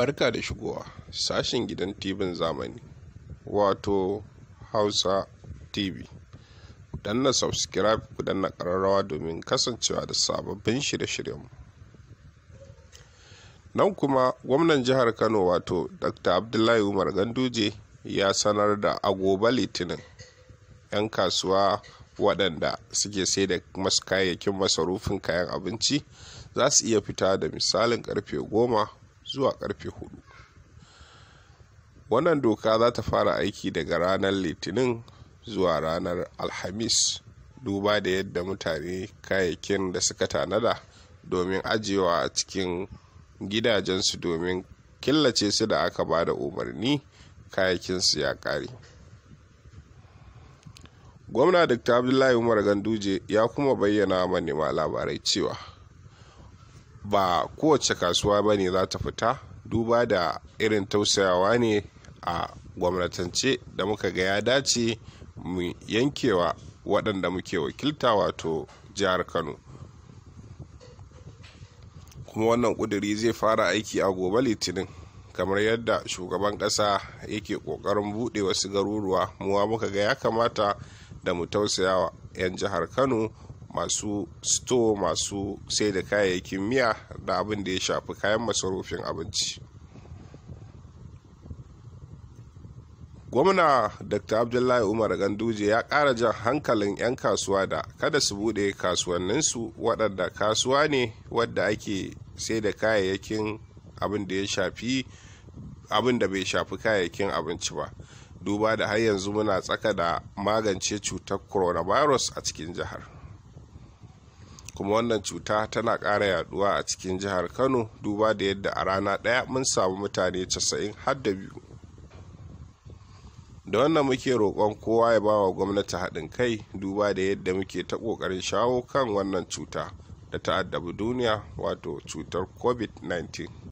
barka da shigowa sashen gidan tibin zamani wato hausa tv ku danna subscribe ku danna ƙararrawa domin kasancewa da sababbin shirye-shiryen nan kuma gwamnan jihar kano wato dr abdullahi umar ganduje ya sanar da agoba litinin 'yan kasuwa waɗanda suke sai da masu kayayyakin masarufin kayan abinci za su iya fita da misalin karfe 10. zuwa karfe 4 wannan doka za ta fara aiki daga ranar litinin zuwa ranar alhamis duba da yadda mutane kayayyakin da suka tanada domin ajiyewa a cikin gidajensu domin killace su da aka ba da umarni su ya kare gwamna dr abdullahi umar ganduje ya kuma bayyana manema labarai cewa ba kowace kasuwa ba ne za ta fita duba da irin tausayawa ne a gwamnatance da muka ga ya dace mu yankewa waɗanda muke wakilta wato jihar kano kuma wannan ƙuduri zai fara aiki a gobe litinin kamar yadda shugaban ƙasa yake ƙoƙarin buɗe wasu garuruwa muwa muka ga ya kamata da mu tausayawa 'yan jihar kano masu sto masu sai da kayayyakin miya da abin da ya shafi kayan masarufin abinci gwamna dr abdullahi umar ganduje ya ƙara jan hankalin 'yan kasuwa da kada su buɗe kasuwanninsu waɗanda kasuwa ne wadda ake sai da kayayyakin abin da ya shafi abin da bai shafi kayayyakin abinci ba duba da har yanzu muna tsaka da magance cutar coronavirus a cikin jihar. kuma wannan cuta tana ƙara yaduwa a cikin jihar kano duba da yadda a rana ɗaya mun samu mutane 90 har da biyu da wannan muke roƙon kowa ya ba wa gwamnati haɗin kai duba da yadda muke ta ƙoƙarin shawo kan wannan cuta da ta addabi duniya wato cutar covid-19